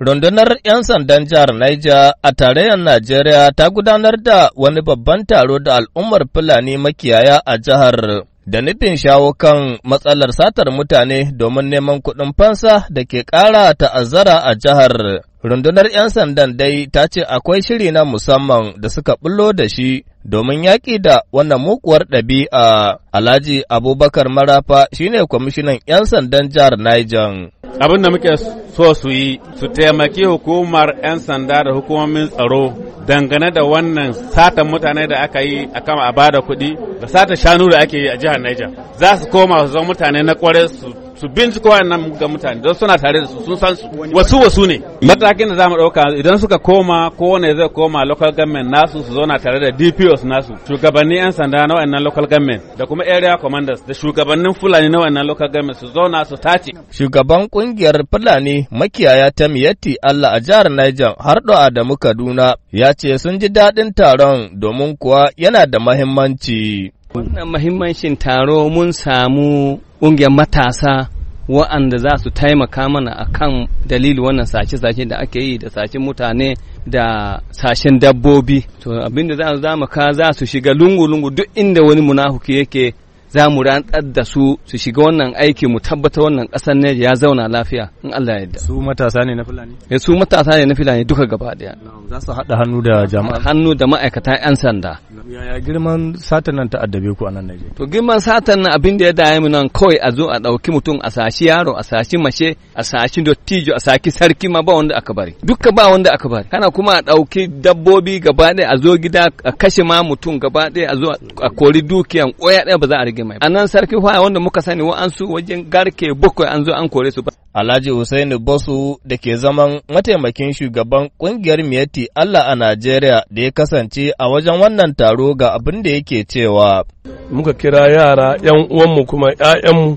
Rundunar 'yan sandan jihar Niger a tarayyar Najeriya ta gudanar da wani babban taro da al'ummar Fulani makiyaya a jihar da nufin shawo kan matsalar satar mutane domin neman kuɗin fansa da ke ƙara ta'azzara a jihar. Rundunar 'yan sandan dai ta ce akwai shiri na musamman da suka bullo da shi domin yaƙi da wannan muguwar ɗabi'a. Alhaji Abubakar Marafa shine kwamishinan 'yan sandan jihar Niger. abin da muke so su yi su taimaki hukumar 'yan sanda da hukumomin tsaro dangane da wannan satan mutane da aka yi a kama a bada kuɗi da sata shanu da ake yi a jihar Niger za su koma su zama mutane na kware su su binciko wayannan ga mutane don suna tare da su sun san su wasu wasu ne matakin da zamu dauka idan suka koma kowane zai koma local government nasu su zauna tare da DPOs nasu shugabanni yan sanda na wayannan local government da kuma area commanders da shugabannin Fulani na wayannan local government su zauna su tace shugaban kungiyar Fulani makiyaya ta Miyatti Allah a jihar Niger Hardo Adamu Kaduna ya ce sun ji daɗin taron domin kuwa yana da mahimmanci Wannan mahimmancin taro mun samu ƙungiyar matasa wa'anda za su taimaka mana a kan dalili wannan sace-sace da ake yi da sacen mutane da sashen dabbobi to abinda za su zama za su shiga lungu-lungu duk inda wani munafuki yake za mu rantsar da su su shiga wannan aiki mu tabbata wannan ƙasar ne ya zauna lafiya in Allah ya yarda su matasa ne na fulani eh su matasa ne na fulani duka gaba daya za su haɗa hannu da jama'a hannu da ma'aikata yan sanda yaya girman satan nan ta addabe ku a nan Najeriya to girman satan nan abin da ya daya mu nan kawai a zo a ɗauki mutum a sashi yaro a sashi mace a sashi dottijo a saki sarki ma ba wanda aka bari duka ba wanda aka bari kana kuma a ɗauki dabbobi gaba daya a zo gida a kashe ma mutum gaba daya a zo a kori dukiyan koya daya ba za a riga rage mai anan sarki fa wanda muka sani wa'ansu wajen garke bakwai an zo an kore su ba Alhaji Usaini Bosu da ke zaman mataimakin shugaban kungiyar miyati Allah a Najeriya da ya kasance a wajen wannan taro ga abin da yake cewa muka kira yara yan uwanmu kuma 'ya'yanmu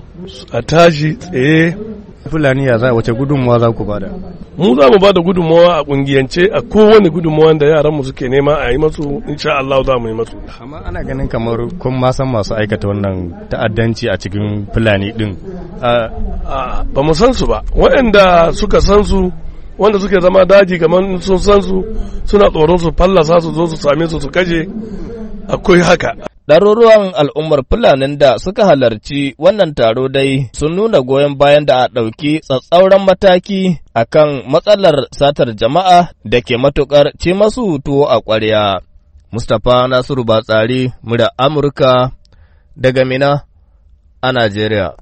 a tashi tsaye Fulani ya za wace gudunmawa za ku bada? Mu za mu bada gudunmawa a kungiyance a kowane gudunmawa da yaran mu suke nema a yi masu insha Allah za mu yi masu. Amma ana ganin kamar kun ma san masu aikata wannan ta'addanci a cikin Fulani din. Ba mu san su ba. Waɗanda suka san su wanda suke zama daji kamar sun san su suna tsoron su fallasa su zo su same su su kaje akwai haka. Ɗaruruwan al'ummar Fulanin da suka halarci wannan taro dai sun nuna goyon bayan da a ɗauki tsatsauran mataki a kan matsalar satar jama'a da ke matuƙar ci masu tuwo a ƙwarya. Mustapha Nasiru Batsari, mura Amurka daga Mina a Najeriya.